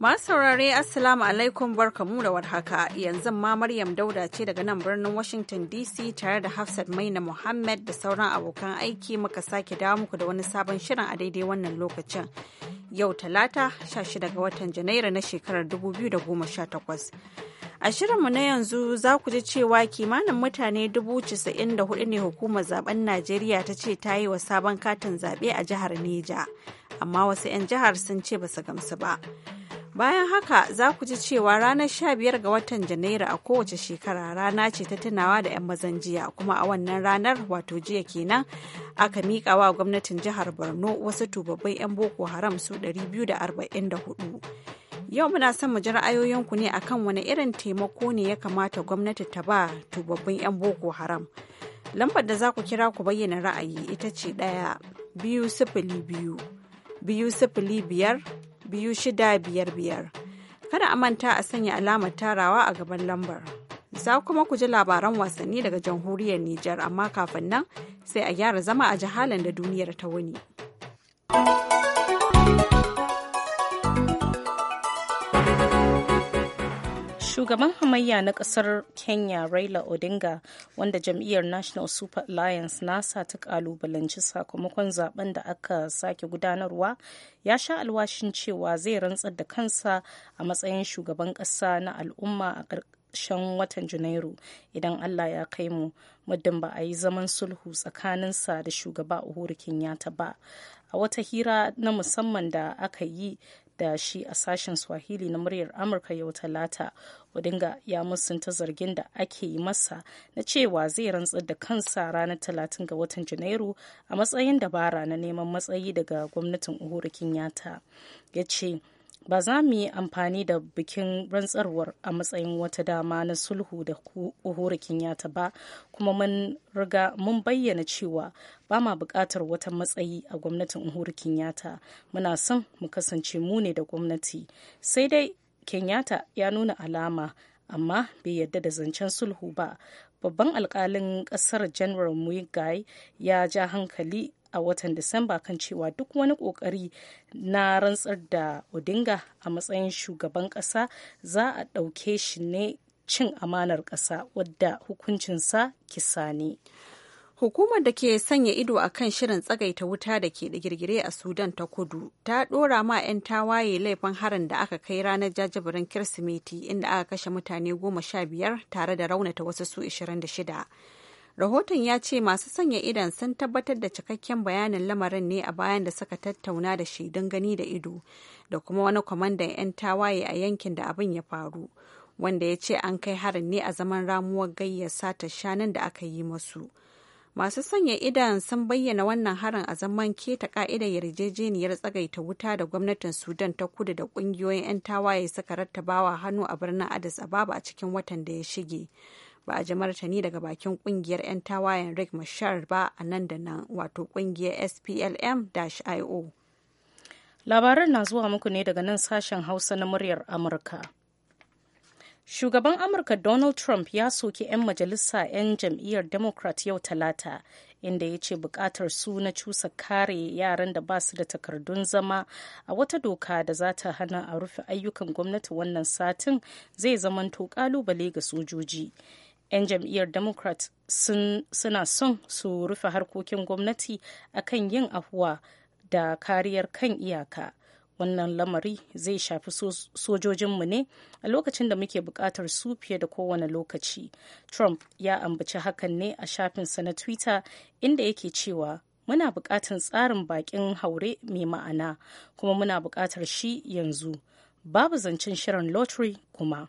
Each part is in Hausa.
Masu saurare Assalamu alaikum barkamu da warhaka yanzu ma Maryam Dauda ce daga nan birnin Washington DC tare da Hafsat Maina Muhammad da sauran abokan aiki muka sake dawo muku da wani sabon shirin a daidai wannan lokacin. Yau Talata 16 ga watan Janairu na shekarar 2018. A shirinmu na yanzu za ku ji cewa kimanin mutane 94,000 ne hukumar zaben Najeriya ta ce ta yi wa sabon katin zaɓe a jihar Neja, amma wasu 'yan jihar sun ce ba su gamsu ba. Bayan haka za ku ji cewa ranar sha biyar ga watan Janairu a kowace shekara rana ce ta tunawa da 'yan mazan jiya kuma a wannan ranar wato jiya kenan aka miƙa wa gwamnatin jihar Borno wasu tubabbin 'yan Boko Haram su 244. Yau muna son mu ji ra'ayoyinku ne akan wani irin taimako ne ya kamata gwamnati ta ba tubabbin 'yan Boko Haram. Lambar da za ku kira ku bayyana ra'ayi ita ce ɗaya biyu sifili biyu biyu sifili biyar biyu shida biyar biyar. Kada a manta a sanya alamar tarawa a gaban lambar. Za kuma ku ji labaran wasanni daga jamhuriyar Nijar amma kafin nan sai a gyara zama a jihalan da duniyar ta wuni. shugaban hamayya na kasar kenya raila odinga wanda jam'iyyar national super alliance nasa ta kalubalanci sakamakon zaben da aka sake gudanarwa ya sha alwashin cewa zai rantsar da kansa a matsayin shugaban kasa na al'umma a ƙarshen watan janairu idan allah ya kai mu muddin ba a yi zaman sulhu tsakaninsa da shugaba uhuru kenyatta ba a wata hira na musamman da aka yi da shi a sashen swahili na muryar amurka yau talata odinga ya musunta zargin da ake yi masa na cewa zai rantsar da kansa ranar talatin ga watan janairu a matsayin dabara na neman matsayi daga gwamnatin uhuru kenyatta ya ce ba za mu yi amfani da bikin rantsarwar a matsayin wata dama na sulhu da uhuru kenyatta ba kuma mun riga mun bayyana cewa ba ma buƙatar wata matsayi a gwamnatin uhuru kenyatta muna son mu kasance mu ne da gwamnati sai dai kenyatta ya nuna alama amma bai yarda da zancen sulhu ba babban alkalin kasar general muigai ya ja hankali a watan Disamba kan cewa duk wani kokari na rantsar da Odinga a matsayin shugaban ƙasa za a ɗauke shi ne cin amanar ƙasa wadda hukuncinsa kisa ne. Hukumar da ke sanya ido a kan shirin tsagaita wuta da ke da girgire a Sudan ta kudu ta ɗora ma 'yan tawaye laifin harin da aka kai ranar jajibirin Kirsimeti inda aka kashe mutane goma sha biyar tare da raunata wasu su 26. Rahoton ya ce masu sanya idan sun tabbatar da cikakken bayanin lamarin ne a bayan da suka tattauna da shaidun gani da ido da kuma wani kwamandan 'yan tawaye a yankin da abin ya faru, wanda ya ce an kai harin ne a zaman ramuwar gayyar sata shanun da aka yi masu. Masu sanya idan sun bayyana wannan harin a zaman keta ka'idar yarjejeniyar tsagaita wuta da gwamnatin Sudan ta kudu da kungiyoyin 'yan tawaye suka rattabawa hannu a birnin Addis Ababa a cikin watan da ya shige. ba a ji ni daga bakin kungiyar 'yan tawayen Rick Mashar ba a nan da nan wato kungiyar SPLM-IO. Labaran na zuwa muku ne daga nan sashen Hausa na muryar Amurka. Shugaban Amurka Donald Trump ya soki 'yan majalisa 'yan jam'iyyar Democrat yau Talata, inda ya ce bukatar su na cusa kare yaran da basu da takardun zama a wata doka da za ta hana a rufe ayyukan gwamnati wannan satin zai zamanto kalubale ga sojoji. 'yan jam'iyyar democrat suna son su rufe harkokin gwamnati akan yin afuwa da kariyar kan iyaka wannan lamari zai shafi sojojinmu ne a lokacin da muke bukatar su fiye da kowane lokaci trump ya ambaci hakan ne a shafinsa na twitter inda yake cewa muna bukatar tsarin bakin haure mai ma'ana kuma muna bukatar shi yanzu babu zancen shirin lottery kuma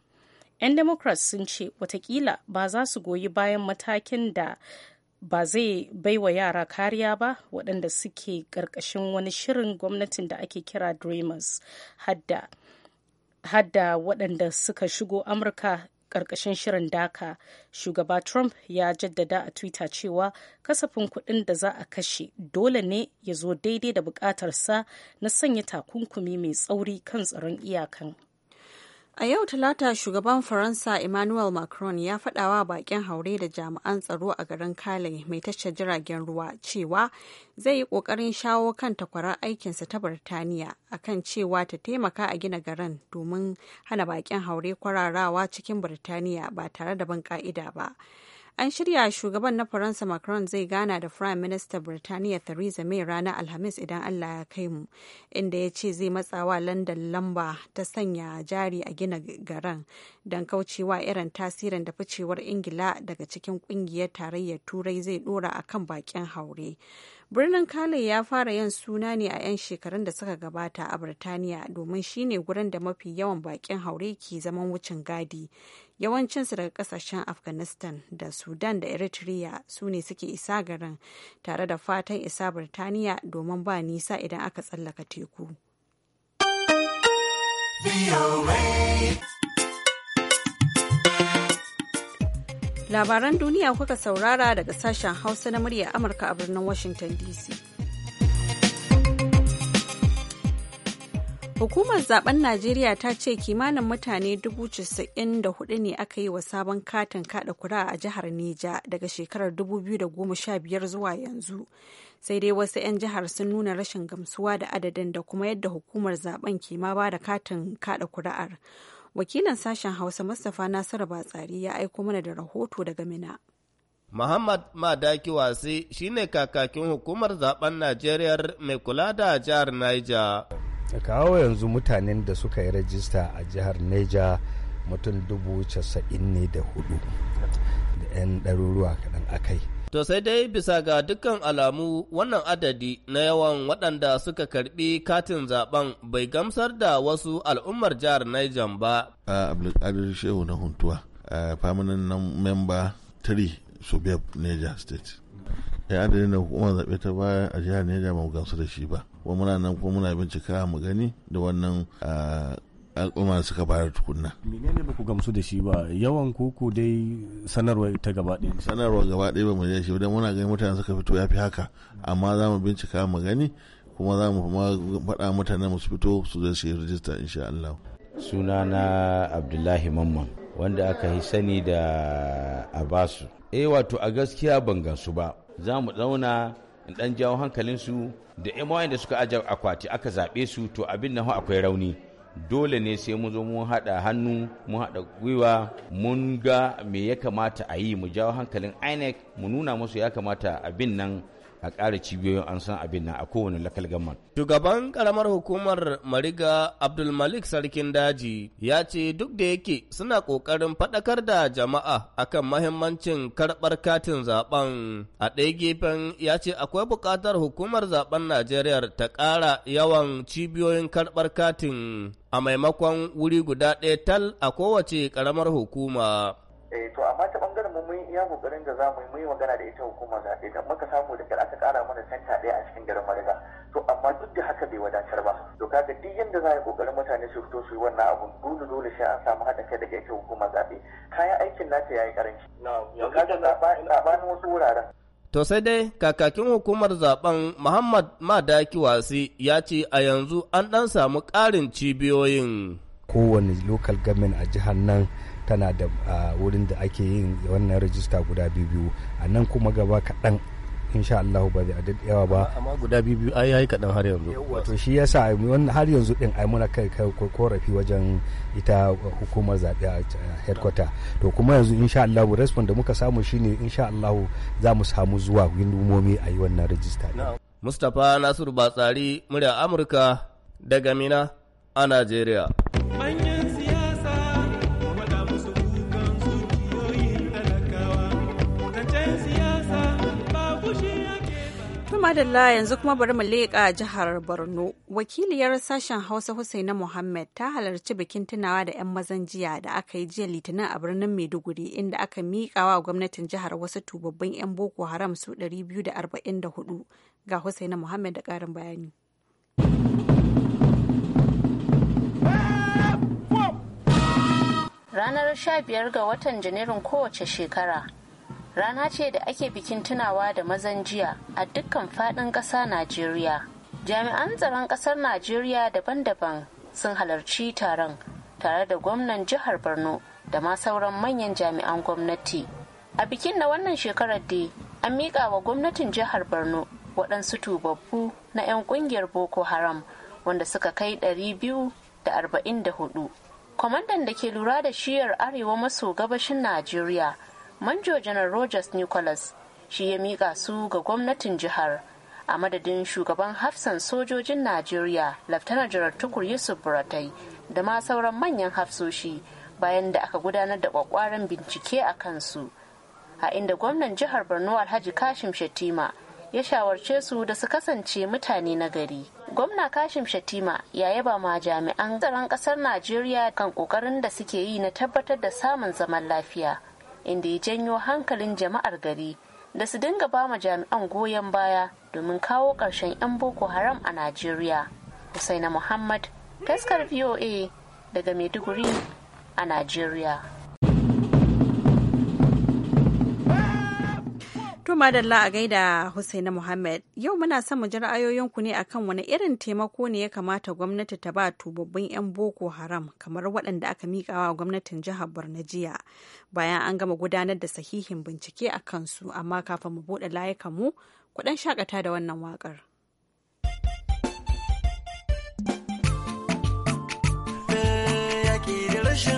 'yan democrats sun ce watakila ba za su goyi bayan matakin da ba zai baiwa yara kariya ba waɗanda suke ƙarƙashin wani shirin gwamnatin da ake kira dreamers hadda hadda waɗanda suka shigo amurka ƙarƙashin shirin daka shugaba trump ya jaddada a twitter cewa kasafin kuɗin da za a kashe dole ne ya zo daidai da buƙatarsa na sanya takunkumi mai tsauri kan tsaron iyakan A yau Talata shugaban Faransa Emmanuel Macron ya faɗawa bakin haure da jami'an tsaro a garin kale mai tashar jiragen ruwa cewa zai yi ƙoƙarin shawo kan takwarar aikinsa ta Birtaniya akan cewa ta taimaka a gina garin domin hana bakin haure kwararawa cikin Birtaniya ba tare da bin ƙa'ida ba. An shirya shugaban na Faransa Macron zai gana da Prime Minister Birtaniya Theresa May ranar Alhamis idan Allah ya kai mu, inda ya ce zai matsawa London lamba ta sanya jari a gina garan don kaucewa irin tasirin da ficewar Ingila daga cikin kungiyar tarayyar Turai zai dora a kan bakin haure. Birnin Kale ya fara yin suna ne a 'yan shekarun da suka gabata a Birtaniya domin shine gurin da mafi yawan bakin haure ke zaman wucin gadi. yawancinsu daga kasashen afghanistan da sudan da eritrea su ne suke isa garin tare da fatan isa birtaniya domin ba nisa idan aka tsallaka teku labaran duniya kuka saurara daga sashen hausa na murya amurka a birnin washington dc Hukumar zaben Najeriya ta ce kimanin mutane 94,000 ne aka yi wa sabon katin kada kura a jihar Neja daga shekarar 2015 zuwa yanzu. Sai dai wasu 'yan jihar sun nuna rashin gamsuwa da adadin da kuma yadda hukumar zaben ke ma ba da katin kada kura'ar. Wakilin sashen Hausa Mustapha Nasiru Batsari ya aiko mana da rahoto daga Mina. Muhammad Madaki Wasi shine kakakin hukumar zaben Najeriya mai kula da jihar Niger. kawo yanzu mutanen da suka yi rajista a jihar neja mutum dubu casa'in ne da hudu da 'yan ɗaruruwa kaɗan akai To sai dai bisa ga dukkan alamu wannan adadi na yawan waɗanda suka karbi katin zaben bai gamsar da wasu al'ummar jihar Niger ba. a Abdulkadir Shehu na Huntuwa, nan memba 3 Subeb Niger State. Ya adadi na hukumar zaɓe ta baya a jihar Neja ba gamsu da shi ba. wa muna nan kuma muna bincika mu gani da wannan al'umma suka bayar tukunna. menene ba ku gamsu da shi ba yawan kuku dai sanarwa ta gaba ɗaya sanarwa gaba ɗaya ba mu je shi idan muna ganin mutane suka fito ya fi haka amma za mu bincika mu gani kuma za mu faɗa mutane su fito su zai shi rijista insha Allah. sunana abdullahi mamman wanda aka yi sani da abasu eh wato a gaskiya ban gasu ba za mu zauna in dan jawo su da yan da suka aje akwati aka zaɓe su to abin nan akwai rauni dole ne sai mu zo mun haɗa hannu mun haɗa gwiwa mun ga me ya kamata a yi mu jawo hankalin inec mu nuna musu ya kamata abin nan a ƙara cibiyoyin an san abin nan a kowane lakal gamar. Shugaban ƙaramar hukumar Mariga Abdulmalik Sarkin Daji ya ce duk da yake suna ƙoƙarin faɗakar da jama'a akan mahimmancin karɓar katin zaɓen a ɗaya gefen ya ce akwai buƙatar hukumar zaɓen Najeriya ta ƙara yawan cibiyoyin karɓar katin a maimakon wuri guda ɗaya tal a kowace ƙaramar hukuma. Eh, iya kokarin da zamu yi magana da ita hukumar zaɓe da muka samu da aka ƙara mana santa ɗaya a cikin garin Mariga to amma duk da haka bai wadatar ba to kaga duk yanda za a yi kokarin mutane su fito su yi wannan abun dole dole sai an samu haɗa kai daga ita hukumar zaɓe kayan aikin nata yayi karanci to kaga sabanin wasu wuraren To sai dai kakakin hukumar zaben Muhammad Madaki Wasi ya ce a yanzu an ɗan samu ƙarin cibiyoyin. Kowane local government a jihar nan tana da wurin da ake yin wannan rajista guda biyu a nan kuma gaba kaɗan insha Allah ba zai adad yawa ba amma guda biyu ai yayi kaɗan har yanzu wato shi yasa har yanzu din ai muna kai korafi wajen ita hukumar zabe a headquarter to kuma yanzu insha Allah response da muka samu shine insha Allah za mu samu zuwa gundumomi a yi wannan register Mustapha Nasiru Batsari murya Amurka daga Mina a Najeriya madalla yanzu kuma bari mu leƙa jihar Borno. Wakiliyar sashen Hausa hussaina Muhammad ta halarci bikin tunawa da 'yan mazan jiya da aka yi jiya Litinin a birnin Maiduguri inda aka miƙa wa gwamnatin jihar wasu tubabbin 'yan Boko Haram su 244 ga Husaina Muhammad da ƙarin bayani. Ranar 15 ga watan Janairun kowace shekara rana ce da ake bikin tunawa da mazan jiya a dukkan faɗin ƙasa najeriya jami'an tsaron ƙasar najeriya daban-daban sun halarci taron tare da gwamnan jihar borno da ma sauran manyan jami'an gwamnati a bikin na wannan shekarar dai an miƙa wa gwamnatin jihar borno waɗansu tubabbu na 'yan ƙungiyar boko haram wanda suka kai 244 kwamandan da ke lura da shiyar arewa maso gabashin najeriya manjo janar rogers nicholas shi ya miƙa su ga gwamnatin jihar a madadin shugaban hafsan sojojin najeriya laftanar janar tukur yusuf buratai da ma sauran manyan hafsoshi bayan da aka gudanar da kwakwaran bincike a kansu a inda gwamnan jihar borno alhaji kashim Shatima ya shawarce su da su kasance mutane na gari gwamna kashim Shatima, ya yaba ma jami'an tsaron kasar najeriya kan kokarin da suke yi na tabbatar da samun zaman lafiya inda ya janyo hankalin jama'ar gari da su dinga ba ma jami'an goyon baya domin kawo ƙarshen 'yan boko haram a najeriya husaina muhammad taskar voa daga maiduguri a najeriya To madalla a gaida hussaina Muhammad, yau muna son mu ji ra'ayoyinku ne akan wani irin taimako ne ya kamata gwamnati ta ba tubabbin 'yan Boko Haram kamar waɗanda aka miƙawa gwamnatin jihar Borno jiya bayan an gama gudanar da sahihin bincike a kansu amma kafin mu buɗe layukan mu kuɗan shakata da wannan waƙar. Eh, rashin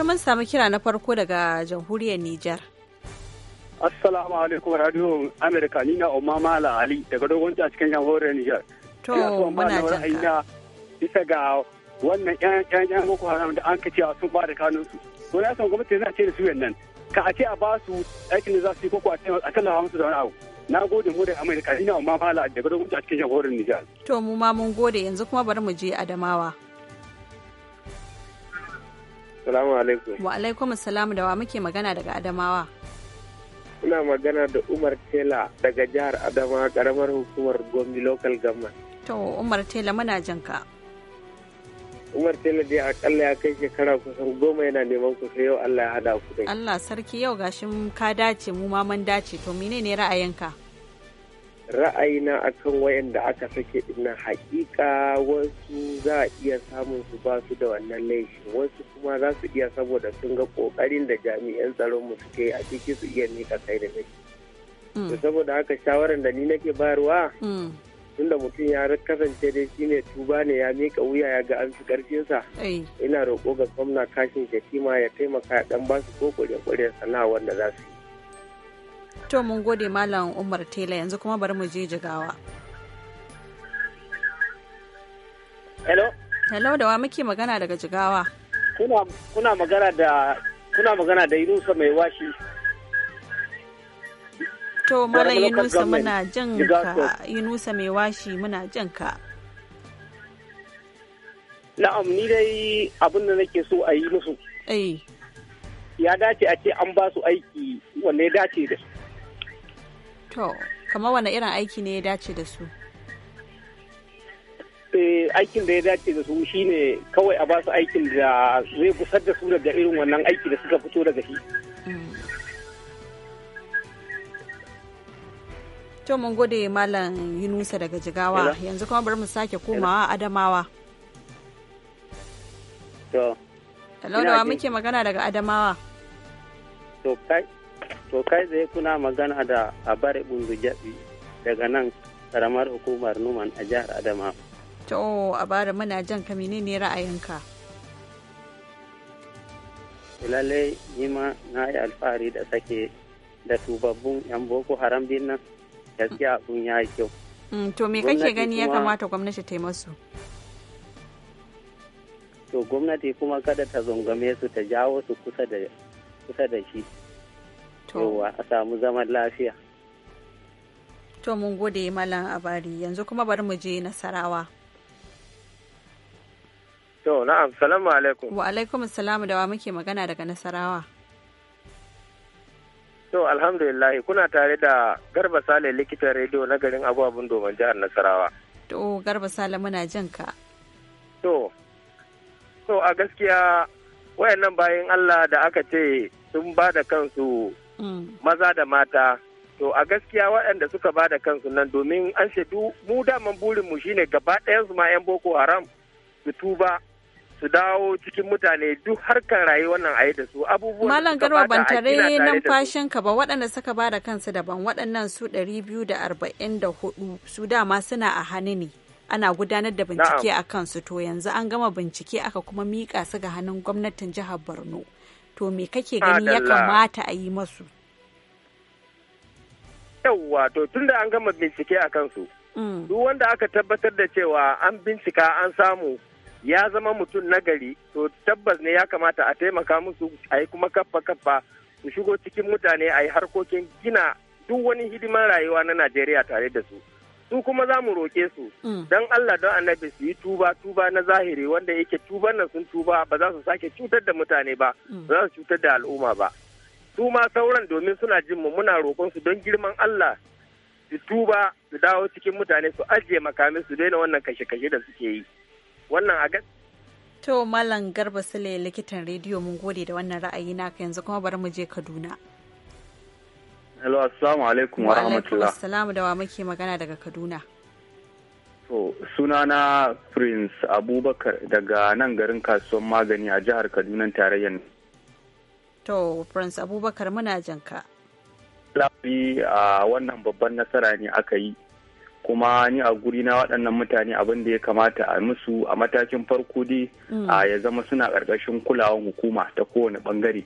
ta mun samu kira na farko daga jamhuriyar Nijar. Assalamu alaikum radio Amerika ni na Umma Mala Ali daga dogon ta cikin jamhuriyar Nijar. To muna jin ka. Bisa ga wannan yan yan yan Boko Haram da an kace sun ba da kanun su. To na san gwamnati zai ce da su yannan. Ka a ce a ba su aikin da za su yi koko a ce a tallafa musu da wani abu. Na gode mu da Amerika ni na Umma Mala daga dogon ta cikin jamhuriyar Nijar. To mu ma mun gode yanzu kuma bari mu je Adamawa. Assalamu alaikum. Wa alaikum assalamu da wa muke magana daga Adamawa. Ina magana da Umar Tela daga jihar Adamawa karamar hukumar Gombe local government. To Umar Tela muna jan Umar Tela dai akalla ya kai shekara kusan goma yana neman ku sai yau Allah ya hada ku dai. Allah sarki yau gashin ka dace mu ma mun dace to menene ra'ayinka? ra'ayina akan wayanda aka sake dinnan hakika wasu za a iya samun su ba su da wannan laifin wasu kuma za su iya saboda sun ga ƙoƙarin da jami'an tsaron mu suke a ciki su iya mika kai da laifi mm. saboda haka shawaran da ni nake bayarwa mm. tunda mutum ya kasance dai shine tuba ne ya mika wuya ya ga an fi karfinsa ina roƙo ga gwamna kashin shekima ya taimaka ya dan ba su ko kure-kure sana'a wanda za su yi To mun gode Malam Umar Tela yanzu kuma bari mu je jigawa. Hello. Hello da wa muke magana daga jigawa. Kuna magana da kuna magana da Yunusa mai washi. To Malam Yunusa muna jin ka Yunusa mai washi muna jin ka. Na'am ni dai abin da nake so a yi musu. Eh. Ya dace a ce an ba su aiki wanda ya dace da su. To, kamar wani irin aiki ne ya dace da su? Eh, aikin da ya dace da su shine kawai a basu aikin da zai kusar da su daga irin wannan aiki da suka fito daga shi. Mm. To mun gode Malam Yunusa daga Jigawa yanzu kuma bari mu sake komawa Adamawa. To. Talaunawa muke magana daga Adamawa. To, kai, to kai zai kuna magana da a bare bundu jabi daga nan karamar hukumar numan a jihar adama to a abare muna jan ka menene ra'ayinka lallai ni ma na yi alfahari da sake da tubabbun yan boko haram bin nan gaskiya abun ya yi kyau mm, to me kake gani ya kamata gwamnati ta yi masu to gwamnati kuma kada ta zungame su ta jawo su kusa da shi Yawa a samu zaman lafiya. To mun gode Malam Abari yanzu kuma bari mu je Nasarawa. To na'am salamu alaikum. Wa alaikum salamu da wa muke magana daga Nasarawa. To alhamdulillah kuna tare da Garba Sale likitan rediyo na garin abubuwan domin jihar Nasarawa. To Garba Sale muna jin ka. To to a gaskiya wayannan bayan Allah da aka ce sun ba da kansu maza da mata to a gaskiya waɗanda suka ba da kansu nan domin an shaidu mu daman burinmu shine gaba ɗayansu ma 'yan boko haram su tuba su dawo cikin mutane duk harkar rayuwar nan a yi da su abubuwan Malam Garba ban tare fashin ka ba waɗanda suka ba da kansu daban waɗannan su 244 su dama suna a hannu ne ana gudanar da bincike a kansu to yanzu an gama bincike aka kuma miƙa su ga hannun gwamnatin jihar Borno. to me kake gani ya kamata a yi masu yawwa to tunda an gama bincike a kansu mm. duk wanda aka tabbatar da cewa an bincika an samu ya zama mutum nagari to tabbas ne ya kamata a taimaka musu a yi kuma kaffa kaffa su shigo cikin mutane a yi harkokin gina duk wani hidiman rayuwa na najeriya tare da su su kuma za mu roke su mm. don Allah don annabi su yi tuba tuba na zahiri wanda yake tuban nan sun tuba ba za su sake cutar da mutane ba ba mm. za su cutar da al'umma ba su ma sauran domin suna jin mu muna roƙon su don girman Allah su tuba su dawo cikin mutane su ajiye makamin su daina wannan kashe-kashe da suke yi wannan a to malam garba sule likitan rediyo mun gode da wannan ra'ayi naka yanzu kuma bari mu je kaduna Hello, assalamu alaikum wa rahmatullah. Assalamu da wa muke magana daga Kaduna. To, sunana Prince Abubakar daga nan garin kasuwan magani a jihar Kaduna tarayyar. To, Prince Abubakar muna janka. Lafi a wannan babban nasara ne aka yi. kuma ni a guri na waɗannan mutane abin da ya kamata a musu a matakin farko dai mm. ya zama suna ƙarƙashin kulawan hukuma ta kowane ɓangare.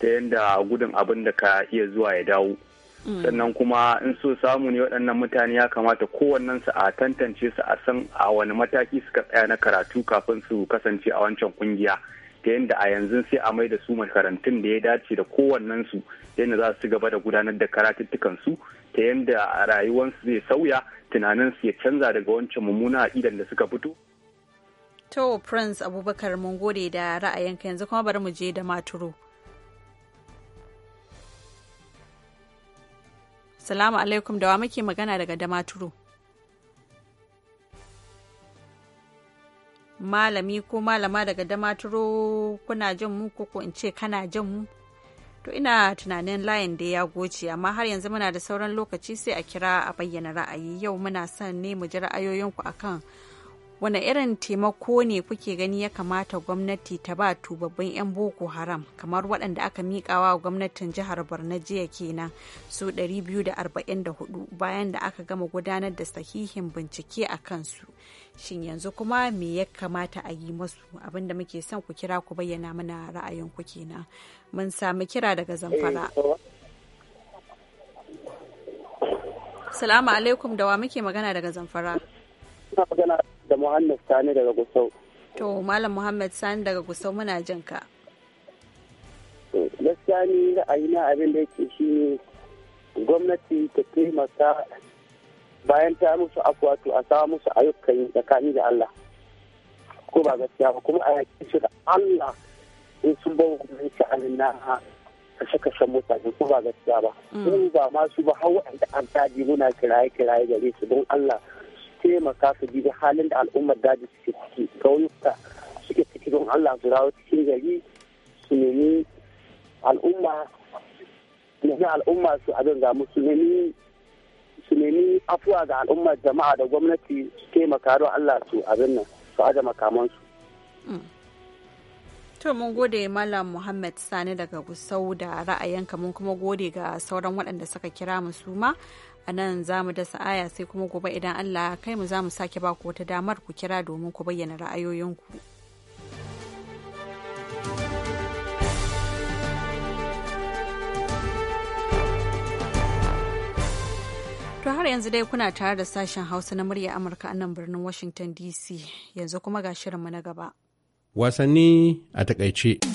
ta yadda gudun abin da ka iya zuwa ya dawo mm. sannan kuma in so samu ne waɗannan mutane ya kamata kowannensu a tantance su a san a wani mataki suka tsaya na karatu kafin su kasance a wancan kungiya ta yadda a yanzu sai a mai da su makarantun da ya dace da kowannen su yadda za su gaba da gudanar da karatuttukan su ta yadda rayuwarsu zai sauya tunanin su ya canza daga wancan mummuna idan da suka fito to prince abubakar mun gode da ra'ayinka yanzu kuma bari mu je da maturu Salamu alaikum da wa muke magana daga Damaturu. Malami ko malama daga Damaturu kuna jin mu ko in ce kana jin mu? To ina tunanin layin da ya goce amma har yanzu muna da sauran lokaci sai a kira a bayyana ra'ayi yau muna son ne mu ji ra'ayoyinku akan wane irin taimako ne kuke gani ya kamata gwamnati ta ba tubabbin 'yan boko haram kamar waɗanda aka miƙawa gwamnatin jihar borno jiya kenan su 244 bayan da aka gama gudanar da sahihin bincike a kansu shin yanzu kuma me ya kamata a yi masu abinda muke son ku kira ku bayyana mana ku kenan mun sami kira daga zamfara eh, salamu alaikum da wa muke magana daga zamfara Suna magana da Muhammad Sani daga Gusau. To, Malam Muhammad Sani daga Gusau muna jin ka. Gaskiya ni ra'ayi na abin da yake shi ne gwamnati ta taimaka bayan ta musu afuwa a samu musu ayyukan yi tsakani da Allah. Ko ba gaskiya ba kuma a yaƙi su da Allah in sun ba gwamnati sha'anin na kashe-kashen mutane ko ba gaskiya ba. Mm. Mun ba masu ba hau da an tadi muna kiraye-kiraye gare su don Allah taimaka su bi halin da al'ummar daji suke ciki ƙauyuka suke ciki don Allah su rawo cikin gari su nemi al'umma nemi al'umma su abin ga musu nemi su nemi afuwa ga al'ummar jama'a da gwamnati su taimaka don Allah su abin nan su aje makamansu. Mm. To mun gode Malam Muhammad Sani daga Gusau da ra'ayinka mun kuma gode ga sauran waɗanda suka kira mu su ma. A nan za mu da sa'aya sai kuma gobe idan Allah kai mu za mu sake ba ku wata damar ku kira domin ku bayyana ra'ayoyinku. To har yanzu dai kuna tare da sashen Hausa na murya Amurka a nan birnin Washington DC yanzu kuma ga shirin mu na gaba. wasanni a takaice.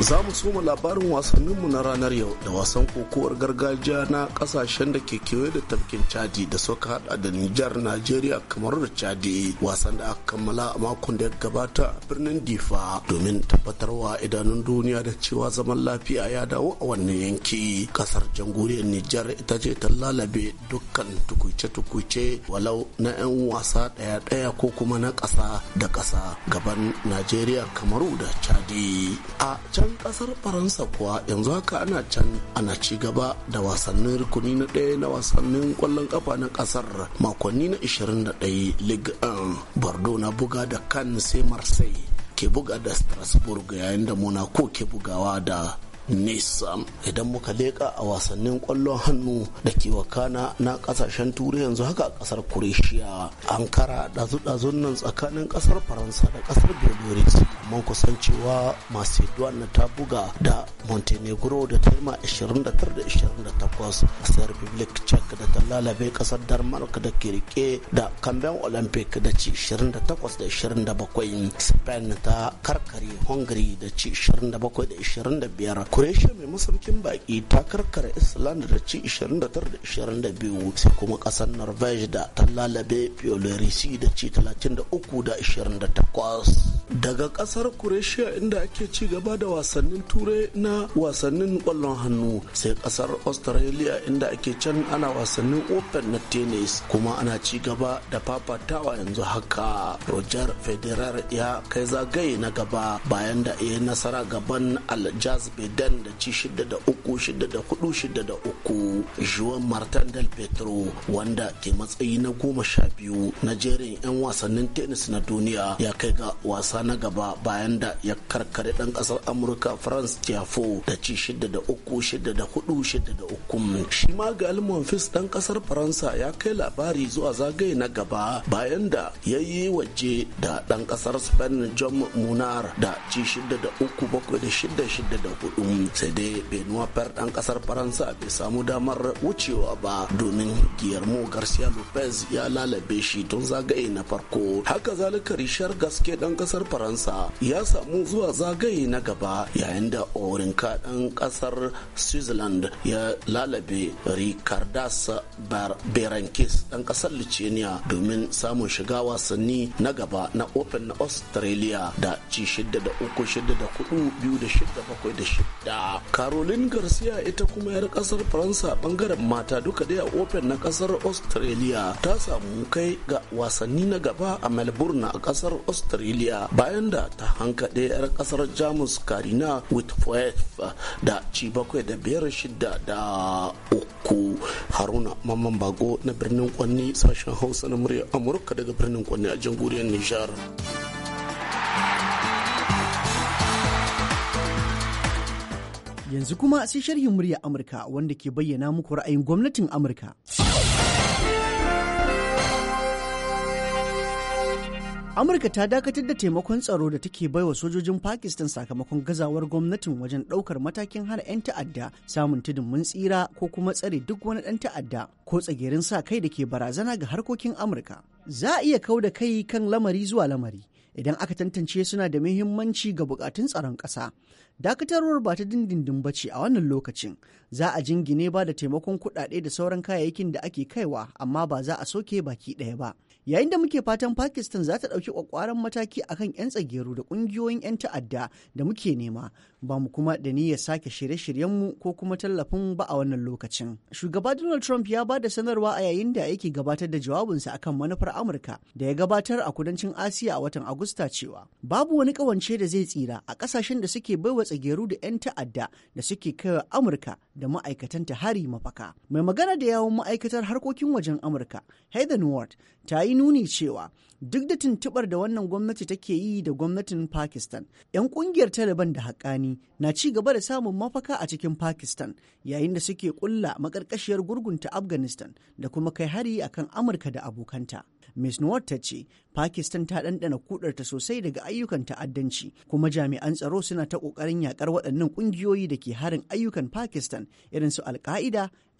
Za mu soma labarin wasanninmu na ranar yau da wasan kokowar gargajiya na kasashen da ke kewaye da tafkin Chadi da suka hada da Nijar, Najeriya, kamar da Chadi. Wasan da aka kammala a makon da ya gabata birnin Difa domin tabbatarwa idanun duniya da cewa zaman lafiya ya dawo a wannan yanki. Kasar jamhuriyar Nijar ita ce ta lalabe dukkan tukuce-tukuce walau na 'yan wasa ɗaya-ɗaya ko kuma na ƙasa da ƙasa gaban Najeriya, Kamaru da Chadi. A can yan kasar faransa kuwa yanzu haka ana can ana ci gaba da wasannin rukuni na ɗaya na wasannin kwallon kafa na kasar makonni na 21 ligue 1 bordeaux na buga da kan sai marseille ke buga da strasbourg yayin da monaco ke bugawa da nesa idan muka leƙa a wasannin ƙwallon hannu da ke wakana na ƙasashen turai yanzu haka a ƙasar kuresiya an kara ɗazu-ɗazun nan tsakanin ƙasar faransa da ƙasar belarus amma kusan cewa macedonia ta buga da montenegro da tema 29-28 sai republic czech da ta lalabe ƙasar denmark da ke rike da kamben olympic da ci 28-27 spain ta karkare hungary da ci 27-25 croatia mai masaukin baki ta karkara islanda da ci 29 da 22 sai kuma kasar norvege da ta lalabe piolorisi da ci 33 da 28 daga kasar croatia inda ake ci gaba da wasannin turai na wasannin kwallon hannu sai kasar australia inda ake can ana wasannin open na tennis kuma ana ci gaba da fafatawa yanzu haka roger federer ya kai zagaye na gaba bayan da ya nasara gaban aljaz beden bayan da ci shidda da uku shidda da hudu shidda da uku juan martin del petro wanda ke matsayi na goma sha biyu na jerin 'yan wasannin tenis na duniya ya kai ga wasa na gaba bayan da ya karkare dan kasar amurka france tiafo da ci shidda da uku shidda da hudu shidda da uku shi ma gal dan kasar faransa ya kai labari zuwa zagaye na gaba bayan da ya yi waje da dan kasar spain john munar da ci shidda da uku bakwai da shidda shidda da hudu domin sai dai benuwa dan kasar faransa bai samu damar wucewa ba domin guillermo garcia lopez ya lalabe shi tun zagaye na farko haka zalika rishar gaske dan kasar faransa ya samu zuwa zagaye na gaba yayin da orinka dan kasar switzerland ya lalabe ricardas berankis dan kasar lithuania domin samun shiga wasanni na gaba na open na australia da ci 6 da 3 6 da 4 2 da 6 da da 6 da caroline garcia ita kuma yar kasar faransa bangaren mata duka dai a open na kasar australia ta samu kai ga wasanni na gaba a melbourne a kasar australia bayan da ta hankaɗe yar kasar jamus karina whitfield da ci bakwai da biyar shida da uku haruna mamman bago na birnin kwanni sashen hausa na murya amurka daga birnin kwanni a jamhuriyar nijar Yanzu kuma sai sharhin murya Amurka wanda ke bayyana muku ra'ayin gwamnatin Amurka. Amurka ta dakatar da taimakon tsaro da take baiwa sojojin Pakistan sakamakon gazawar gwamnatin wajen ɗaukar matakin hana 'yan ta'adda samun tudun mun tsira ko kuma tsare duk wani ɗan ta'adda ko tsagerin sa kai da ke barazana ga harkokin Amurka. Za a iya kau da kai kan lamari zuwa lamari. idan aka tantance suna da muhimmanci ga bukatun tsaron ƙasa. Dakatarwar ba ta dindindin ba ce a wannan lokacin, za a jingine ba da taimakon kuɗaɗe da sauran kayayyakin da ake kaiwa, amma ba za a soke baki ɗaya ba. Yayin da muke fatan Pakistan za ta ɗauki ƙwaƙwaran mataki akan 'yan tsageru da ƙungiyoyin 'yan ta'adda da muke nema, ba mu kuma da niyyar sake shirye-shiryenmu ko kuma tallafin ba a wannan lokacin. Shugaba Donald Trump ya ba da sanarwa a yayin da yake gabatar da jawabinsa akan manufar Amurka da ya gabatar a kudancin Asiya a watan Agusta cewa babu wani kawance da zai tsira a kasashen da suke baiwa tsageru da 'yan ta'adda da suke kaiwa Amurka da ma'aikatanta hari mafaka. Mai magana da yawon ma'aikatar harkokin wajen Amurka, Heather Ward, ta yi nuni cewa duk da tuntubar da wannan gwamnati take yi da gwamnatin Pakistan, 'yan kungiyar Taliban da haƙani na ci gaba da samun mafaka a cikin Pakistan yayin da suke ƙulla maƙarƙashiyar gurgunta Afghanistan da kuma kai hari akan Amurka da abokanta. Ms. Nuwar ta ce, Pakistan ta ɗanɗana kudarta sosai daga ayyukan ta'addanci, kuma jami'an tsaro suna ta ƙoƙarin yaƙar waɗannan ƙungiyoyi da ke harin ayyukan Pakistan irin su al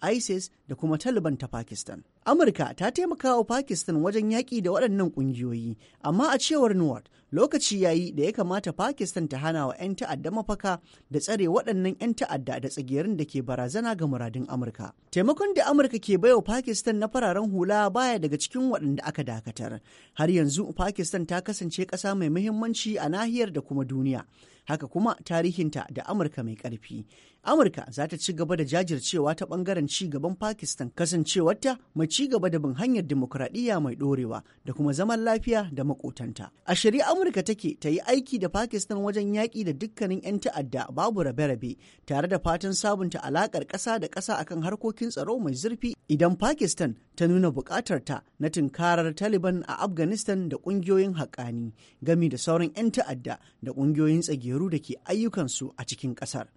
ISIS da kuma Taliban ta Pakistan. Amurka ta taimaka wa Pakistan wajen yaƙi da waɗannan ƙungiyoyi, amma a cewar Nuwar, lokaci ya yi da ya kamata Pakistan ta hana wa 'yan ta'adda mafaka da tsare waɗannan 'yan ta'adda da tsagerin da ke barazana ga muradin Amurka. Taimakon da Amurka ke baiwa Pakistan na fararen hula baya daga cikin waɗanda aka dakatar har yanzu pakistan ta kasance ƙasa mai muhimmanci a nahiyar da kuma duniya haka kuma tarihinta da amurka mai ƙarfi. amurka za ta ci gaba da jajircewa ta ɓangaren ci gaban pakistan kasancewarta mai ci gaba da bin hanyar dimokuraɗiyya mai ɗorewa da kuma zaman lafiya da makotanta a shirye amurka take ta yi aiki da pakistan wajen yaƙi da dukkanin 'yan ta'adda babu rabe-rabe tare da fatan sabunta alaƙar ƙasa da ƙasa akan harkokin tsaro mai zurfi idan pakistan ta nuna buƙatarta na tunkarar taliban a afghanistan da ƙungiyoyin haƙani gami da sauran 'yan ta'adda da ƙungiyoyin tsageru shekaru da ke ayyukansu a cikin ƙasar.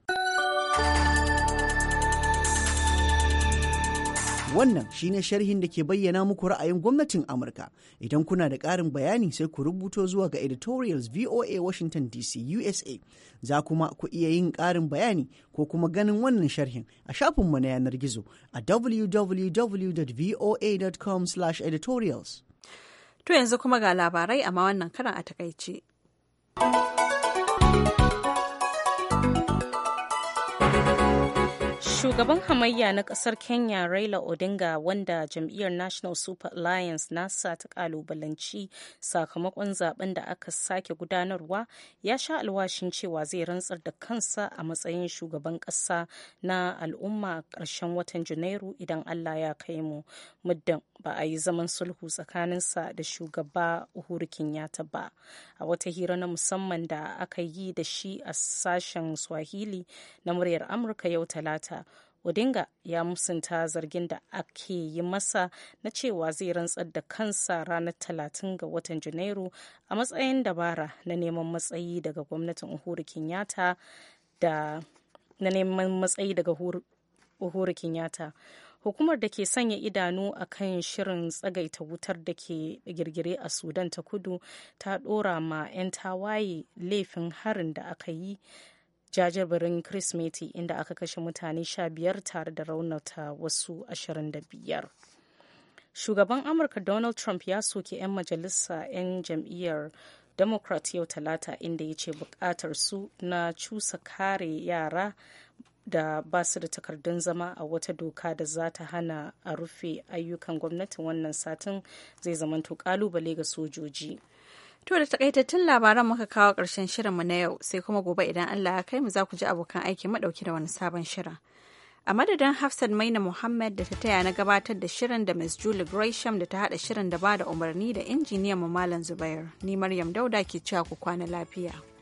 Wannan shi ne sharhin da ke bayyana muku ra'ayin gwamnatin Amurka. Idan kuna da ƙarin bayani sai ku rubuto zuwa ga editorials VOA Washington DC USA. Za kuma ku iya yin ƙarin bayani ko kuma ganin wannan sharhin a shafinmu na yanar gizo a www.voa.com/editorials. To yanzu kuma ga labarai amma wannan karan a takaice. Shugaban hamayya na kasar Kenya Raila Odinga wanda jam'iyyar National Super Alliance nasa ta kalubalanci sakamakon zaben da aka sake gudanarwa ya sha alwashin cewa zai rantsar da kansa a matsayin shugaban kasa na al'umma a ƙarshen watan Janairu idan Allah ya kai mu muddin ba a yi zaman sulhu tsakanin sa da shugaba Uhuru Kenyatta ba. A wata hira na musamman da aka yi da shi a sashen Swahili na muryar Amurka yau Talata odinga ya musanta zargin da ake yi masa na cewa zai rantsar da kansa ranar talatin ga watan janairu a matsayin dabara na neman matsayi daga gwamnatin uhuru kenyatta da na neman matsayi daga uhuru kenyatta hukumar da ke sanya idanu a kan shirin tsagaita wutar da ke girgire a sudan ta kudu ta ɗora ma 'yan tawaye laifin harin da aka yi jajabirin Kirsimeti inda aka kashe mutane sha tare da raunata wasu ashirin da biyar. Shugaban Amurka Donald Trump ya soke 'yan majalisa 'yan jam'iyyar Democrat yau Talata inda ya ce bukatar su na cusa kare yara da ba su da takardun zama a wata doka da za ta hana a rufe ayyukan gwamnati wannan satin zai zamanto kalubale ga sojoji. To da takaitattun labaran muka kawo ƙarshen shirinmu na yau sai kuma gobe idan Allah ya kai mu za ku ji abokan aiki madauki da wani sabon shirin. A madadin Hafsat Maina Muhammad da ta taya na gabatar da shirin da ms Julie Gresham da ta haɗa shirin da ba da umarni da injiniyan mu Malam Zubair. Ni Maryam Dauda ke cewa ku kwana lafiya.